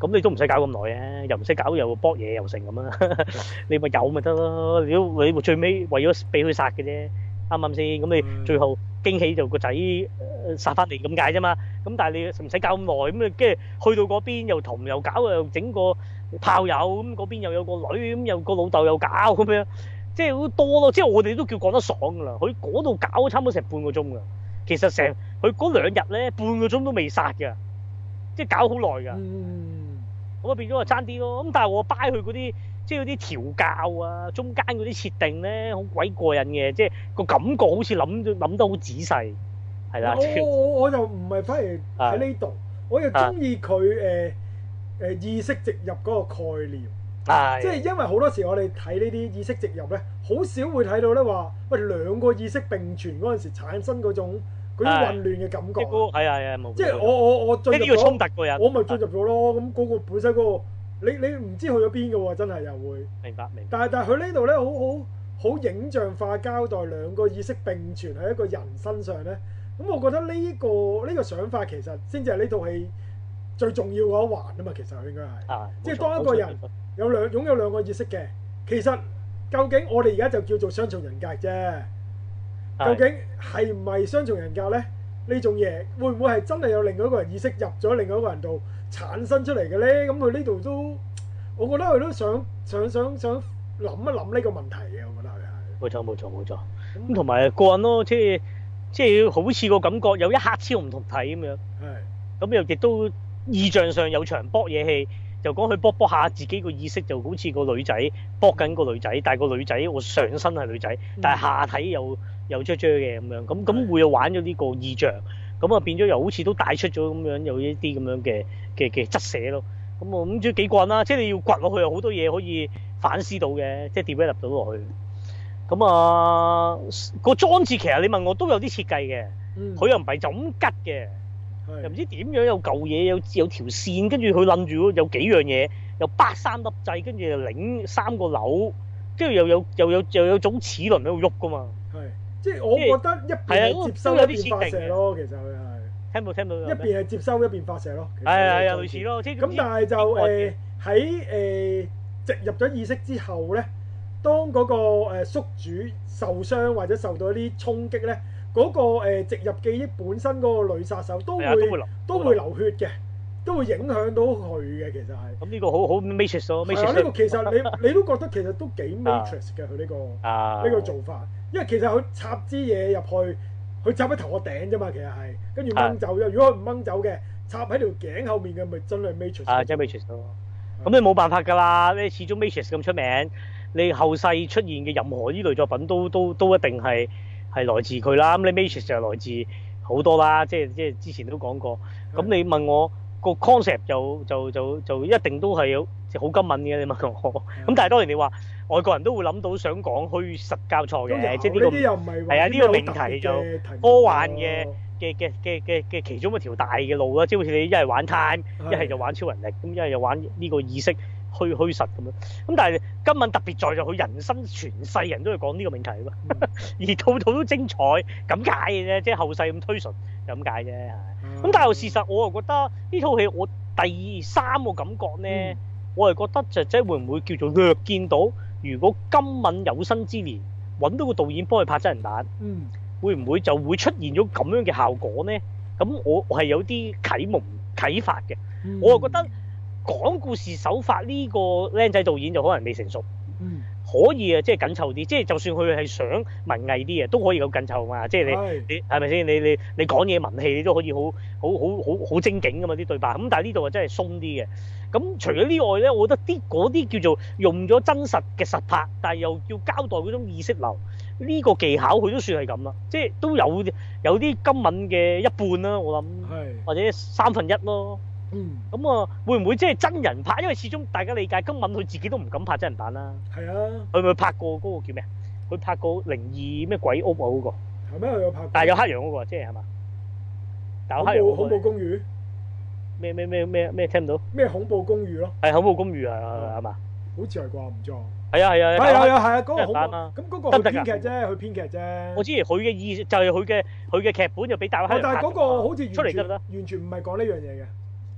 咁你都唔使搞咁耐啊！又唔使搞又搏嘢又成咁啊！ 你咪有咪得咯？你你最尾為咗俾佢殺嘅啫，啱啱先？咁、嗯、你最後驚喜就個仔殺翻你咁解啫嘛！咁但係你唔使搞咁耐，咁你跟住去到嗰邊又同又搞又整個炮友，咁嗰邊又有個女，咁又個老豆又搞咁樣，即係好多咯！即係我哋都叫講得爽噶啦，佢嗰度搞差唔多成半個鐘噶，其實成佢嗰兩日咧半個鐘都未殺嘅，即搞好耐㗎。嗯我覺得變咗就差啲咯，咁但係我掰佢嗰啲，即係嗰啲調教啊，中間嗰啲設定咧，好鬼過癮嘅，即係個感覺好似諗咗諗到好仔細，係啦。我我我就唔係反嚟喺呢度，我就中意佢誒誒意識植入嗰個概念，即係、就是、因為好多時我哋睇呢啲意識植入咧，好少會睇到咧話，喂，兩個意識並存嗰陣時產生嗰種。嗰啲混亂嘅感覺，係啊係啊，即係我、即係、我我，我進入咗，衝突個人，我咪進入咗咯。咁嗰、嗰個本身嗰、嗰個，你你唔知去咗邊嘅喎，真係又會明白明白。但係但係佢呢度咧，好好好影像化交代兩個意識並存喺一個人身上咧。咁我覺得呢、呢個呢、呢個想法其實先至係呢套戲最重要嗰一環啊嘛。其實佢應該係，即係當一個人有兩，有兩擁有兩個意識嘅，其實究竟我哋而家就叫做雙重人格啫。是究竟係唔係雙重人格咧？呢種嘢會唔會係真係有另外一個人意識入咗另外一個人度產生出嚟嘅咧？咁佢呢度都我覺得佢都想想想，想想想想諗一諗呢個問題嘅。我覺得佢係冇錯，冇錯，冇錯咁，同埋個人咯，即係即係好似個感覺有一刻超唔同體咁樣。係咁又亦都意象上有場搏嘢戲，就講佢卜卜下自己個意識，就好似個女仔搏緊個女仔，嗯、但係個女仔我上身係女仔，嗯、但係下體又。有遮遮嘅咁樣，咁咁會玩咗呢個意象，咁啊變咗又好似都帶出咗咁樣有一啲咁樣嘅嘅嘅質寫咯。咁我諗即係幾掘啦，即係你要掘落去啊，有好多嘢可以反思到嘅，即係 develop 到落去。咁啊個裝置其實你問我都有啲設計嘅，佢又唔係就咁吉嘅，又唔知點樣有舊嘢有有條線，跟住佢撚住有幾樣嘢，又八三粒掣，跟住又擰三個扭，跟住又有又有又有種齒輪喺度喐噶嘛。即係我覺得一邊係接收一邊發射咯，其實佢係聽冇聽到？一邊係接收一邊發射咯。係係，又類似咯。咁但係就誒喺誒植入咗意識之後咧，當嗰個誒宿主受傷或者受到啲衝擊咧，嗰個誒植入記憶本身嗰個女殺手都會都會流都會流血嘅，都會影響到佢嘅。其實係。咁呢個好好 matrix 咯，matrix。係啊，呢個其實你你都覺得其實都幾 matrix 嘅佢呢個呢個做法。因為其實佢插支嘢入去，佢插喺頭個頂啫嘛，其實係，跟住掹走、啊。如果佢唔掹走嘅，插喺條頸後面嘅，咪、就是、真係 Matrix 啊，真係 Matrix 咯。咁、啊啊、你冇辦法㗎啦，你始終 Matrix 咁出名，你後世出現嘅任何呢類作品都都都一定係係來自佢啦。咁你 Matrix 就來自好多啦，即係即係之前都講過。咁你問我、啊個 concept 就就就就一定都係好金敏嘅。你問我，咁、啊啊、但係當然你話。外國人都會諗到想講虛實交錯嘅，即係、這、呢個係啊，呢個命題就科幻嘅嘅嘅嘅嘅嘅其中一條大嘅路啦。即係好似你一係玩 time，一係就玩超人力，咁一係就玩呢個意識虛虛實咁樣。咁但係今晚特別在就佢人生全世人都係講呢個命題 而套套都精彩咁解嘅啫，即係後世咁推順咁解啫嚇。咁、嗯、但係事實我又覺得呢套戲我第三個感覺咧、嗯，我係覺得就即係會唔會叫做略見到？如果今敏有生之年揾到個導演幫佢拍真人版，嗯，會唔會就會出現咗咁樣嘅效果呢？咁我係有啲啟蒙啟發嘅、嗯，我又覺得講故事手法呢、呢個靚仔導演就可能未成熟。嗯可以啊，即係緊湊啲，即係就算佢係想文藝啲嘅，都可以有緊湊嘛。即係你你係咪先？你是是你你講嘢文氣，你都可以好好好好好精警噶嘛啲對白。咁但係呢度啊真係鬆啲嘅。咁除咗呢外咧，我覺得啲嗰啲叫做用咗真實嘅實拍，但係又要交代嗰種意識流，呢、呢個技巧佢都算係咁啦。即係都有有啲金文嘅一半啦、啊，我諗，或者三分一咯。嗯，咁啊，會唔會即係真人拍？因為始終大家理解，今敏佢自己都唔敢拍真人版啦。係啊，佢咪拍過嗰、那個叫咩啊？佢拍過靈異咩鬼屋啊嗰、那個。係咩？佢有拍過。但係有黑羊嗰、那個啊，即係係嘛？有黑羊、那個。恐怖公寓。咩咩咩咩咩？聽唔到。咩恐怖公寓咯？係恐怖公寓啊？係、嗯、嘛？好似係啩？唔錯。係啊係啊。係啊係啊，嗰、啊啊啊那個恐怖啊。咁嗰個係編劇啫，佢編劇啫。我知佢嘅意思就係佢嘅佢嘅劇本就俾大黑羊拍、哦。但係嗰個好似完全出完全唔係講呢樣嘢嘅。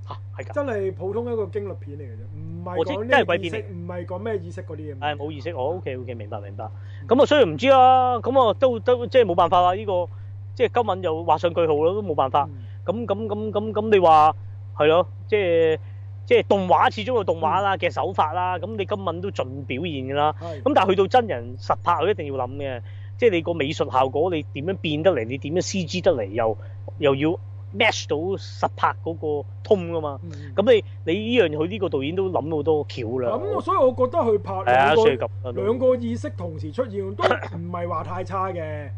嚇、啊、係真係普通一個經歷片嚟嘅啫，唔係講咩意識，唔係講咩意識嗰啲嘢。係冇意識，我 O K O K，明白明白。咁啊，所、嗯、然唔知啦，咁啊都都即係冇辦法啦。呢個即係今晚又畫上句號啦，都冇辦法。咁咁咁咁咁，話嗯嗯、你話係咯。即係即係動畫，始終係動畫啦嘅手法啦。咁、嗯、你今晚都盡表現㗎啦。咁、嗯、但係去到真人實拍，佢一定要諗嘅，即係你個美術效果，你點樣變得嚟？你點樣 C G 得嚟？又又要。match 到實拍嗰個通㗎嘛，咁、嗯、你你呢樣佢呢個導演都諗好多橋啦。咁、嗯、所以我覺得佢拍係啊，兩個意識同時出現 都唔係話太差嘅。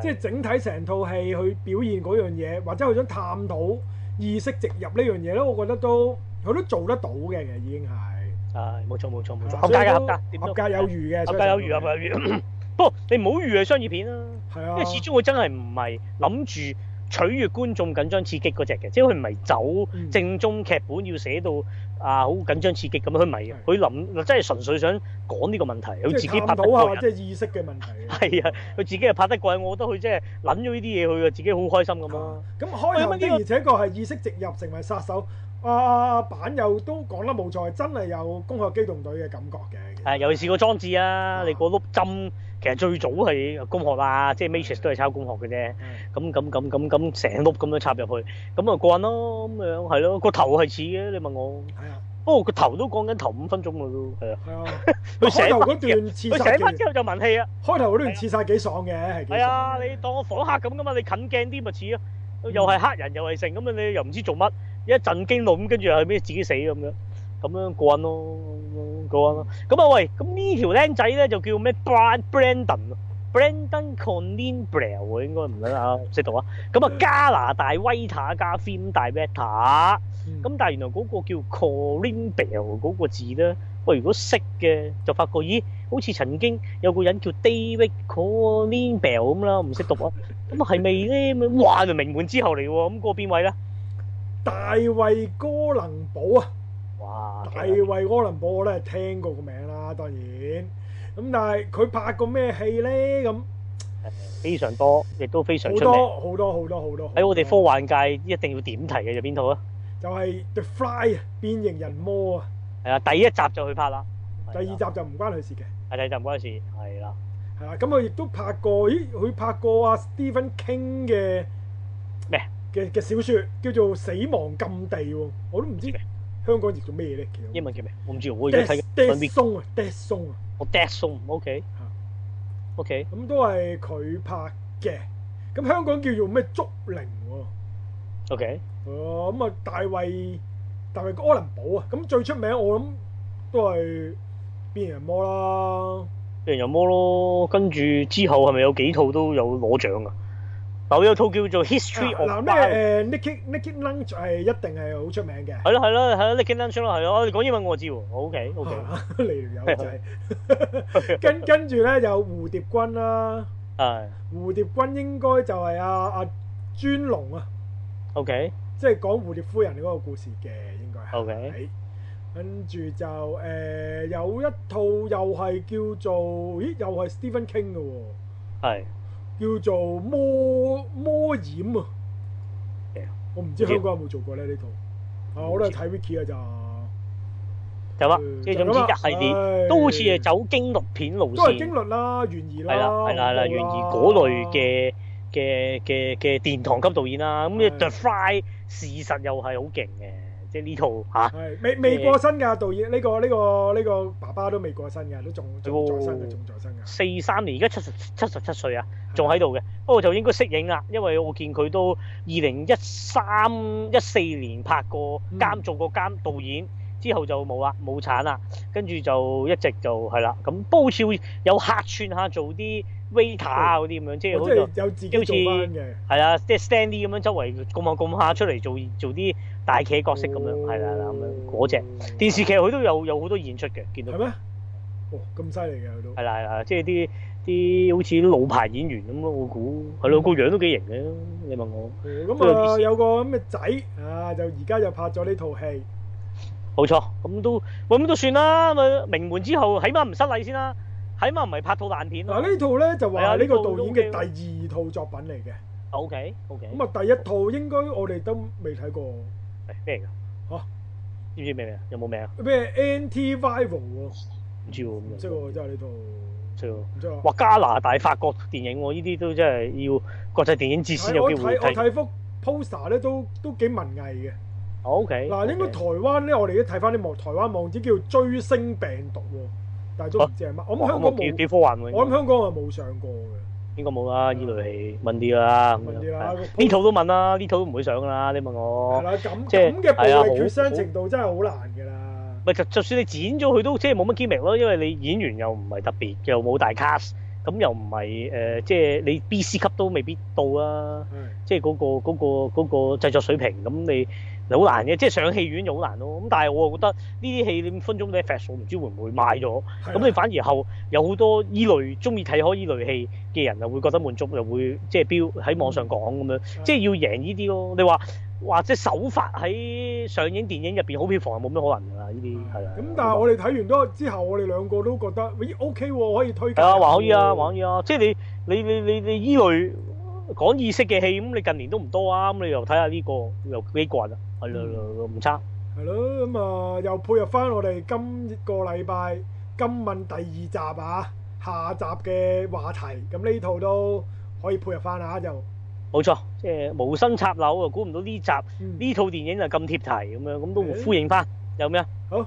即係整體成套戲去表現嗰樣嘢，或者佢想探討意識植入呢樣嘢咧，我覺得都佢都做得到嘅，已經係。係、啊、冇錯冇錯冇錯。合格合格點？合格有餘嘅，合格有餘合格有餘。 不過你唔好預係商業片啊，因為始終佢真係唔係諗住。取悅觀眾緊張刺激嗰隻嘅，即係佢唔係走正宗劇本要寫到啊好緊張刺激咁，佢唔係佢諗，即係純粹想講呢個問題，佢自己拍到係即係意識嘅問題。係啊，佢 自己係拍得過，我覺得佢即係諗咗呢啲嘢，佢自己好開心咁咯。咁、嗯、開心啲，而且個係意識植入成為殺手啊！板友都講得冇錯，真係有《攻殼機動隊》嘅感覺嘅。誒、啊，尤其是個裝置啊，你個碌針。其實最早係攻殼啦，即係 Matrix 都係抄攻殼嘅啫。咁咁咁咁咁，成碌咁樣插入去，咁啊慣咯咁樣，係咯個頭係似嘅。你問我，哦個頭都講緊頭五分鐘咯。係啊，佢寫頭嗰段刺殺，佢寫乜之後就聞氣啊。開頭我都刺殺幾爽嘅，係啊，你當我仿黑咁噶嘛？你近鏡啲咪似咯？又係黑人又係成咁啊！你又唔知做乜，一陣驚怒咁，跟住又係咩自己死咁樣，咁樣慣咯。咁、嗯、啊喂，咁呢條僆仔咧就叫咩？Brandon，Brandon Cronenberg 喎，應該唔識、 啊、讀啊。咁啊加拿大威塔加芬大伯塔，咁但係原來嗰個叫 Cronenberg 嗰個字咧，喂，如果識嘅就發覺咦，好似曾經有個人叫 David Cronenberg 咁、啊、啦，唔識讀啊。咁 啊，係咪咧？哇就名門之後嚟喎，咁個邊位咧？大衛哥能寶啊！哇！大衛柯林波我咧係聽過個名啦，當然咁，但係佢拍過咩戲咧？咁非常多，亦都非常出名。好多好多好多。喺我哋科幻界一定要點提嘅就邊套啊？就係《The Fly》變形人魔啊！係啊，第一集就去拍啦，第二集就唔關佢事嘅。係第二集唔關事，係啦，係啦。咁佢亦都拍過，咦？佢拍過阿 Stephen King 嘅咩嘅嘅小説，叫做《死亡禁地》喎，我都唔知。香港叫做咩咧？英文叫咩？我唔知，我而家睇緊。d e 啊，Desong 啊，我 Desong，OK、oh, okay. 嗯。嚇，OK。咁都係佢拍嘅。咁香港叫做咩？竹玲喎、啊。OK、呃。咁啊，大衛，大衛哥倫堡啊。咁最出名，我諗都係變形人魔啦，變人魔咯。跟住之後係咪有幾套都有攞獎啊？有有套叫做《History of Man》。嗱呢個誒《Naked Naked Lunch》係一定係好出名嘅。係咯係咯係咯，《Naked Lunch》咯係咯。你講英文我知喎。O K O K。嚟條友仔。跟跟住咧有蝴蝶君啦。係。蝴蝶君應該就係阿阿尊龍啊。O K。即係講蝴蝶夫人嗰個故事嘅應該係。O K。跟住就誒有一套又係叫做咦又係 Stephen King 嘅喎。係。叫做魔魔染啊！我唔知香港有冇做過咧呢套啊！我都係睇 Wiki 啊，就就話即係總之一系列都好似係走驚慄片路線，都係驚慄啦、懸疑啦，係啦係啦係啦，懸疑嗰類嘅嘅嘅嘅殿堂級導演啦，咁 The Fly 事實又係好勁嘅。即呢套嚇，係未未過身㗎、嗯、導演，呢、呢個呢、呢個呢、呢個爸爸都未過身㗎，都仲在生嘅，仲在生嘅。四三年，而家七十七十七歲啊，仲喺度嘅。不過就應該息影啦，因為我見佢都二零一三一四年拍過監、嗯、做過監導演，之後就冇啦，冇產啦，跟住就一直就係啦。咁好似有客串下做啲 waiter 啊嗰啲咁樣，即係好似有自叫做翻嘅，係啊，即係 stand 啲咁樣周圍顧下顧下出嚟做做啲。大企角色咁樣，係啦啦咁樣嗰隻電視劇，佢都有有好多演出嘅。見到係咩？咁犀利嘅佢都係啦係啦，即係啲啲好似老牌演員咁咯。我估係咯，個、嗯、樣都幾型嘅。你問我咁、嗯嗯有，嗯嗯、有個咁嘅仔啊，就而家又拍咗呢套戲。冇錯，咁都咁都算啦。咁啊，名門之後起碼唔失禮先啦，起碼唔係拍套爛片。嗱、啊，呢套咧就話呢、啊呢個導演嘅、okay. 第二套作品嚟嘅。O K O K 咁啊，第一套應該我哋都未睇過。咩嚟噶？嚇、啊，知唔知咩名？有冇名？咩 Antiviral 唔、啊、知喎、啊，唔識喎，真係呢套。真係喎。哇！加拿大、法國電影喎、啊，呢啲都真係要國際電影節先有機會睇。我睇幅 poster 咧，都都幾文藝嘅、啊。OK、啊。嗱，應該台灣咧，okay. 我哋都睇翻啲網，台灣網址叫《追星病毒、啊》喎，但係都唔知係乜、啊。我諗香港冇幾科幻嘅。我諗香港啊冇上過嘅。應該冇啦？呢類係問啲啦，呢套都問啦，呢套都唔會上噶啦。你問我，係啦，咁咁嘅暴力血腥程度真係好難噶啦。咪就就算你剪咗佢都即係冇乜機明咯，因為你演員又唔係特別，又冇大 cast，咁又唔係誒，即係你 B C 級都未必到啊，即係嗰個嗰個嗰個製作水平，咁你。你好難嘅，即係上戲院就好難咯。咁但係我又覺得呢啲戲你五分鐘你 effect 數我唔知會唔會賣咗。咁你反而後有好多依類中意睇開依類戲嘅人啊，會覺得滿足，又會即係標喺網上講咁樣，即係要贏依啲咯。你話或者手法喺上映電影入邊好票房，冇咩可能㗎啦，呢啲係啊。咁但係我哋睇完咗之後，我哋兩個都覺得咦 OK 喎，可以推介啊，還可以啊，還可以啊。即係你你你你你依類。講意識嘅戲，咁你近年都唔多啊，咁你又睇下呢個又幾掛啊，係、嗯、咯，唔差。係咯，咁、嗯、啊，又配合翻我哋今個禮拜今敏第二集啊，下集嘅話題，咁呢套都可以配合翻下就。冇錯。即、就、係、是、無心插柳啊，估唔到呢集呢、嗯、套電影就咁貼題咁樣，咁都會呼應翻。有咩啊？好。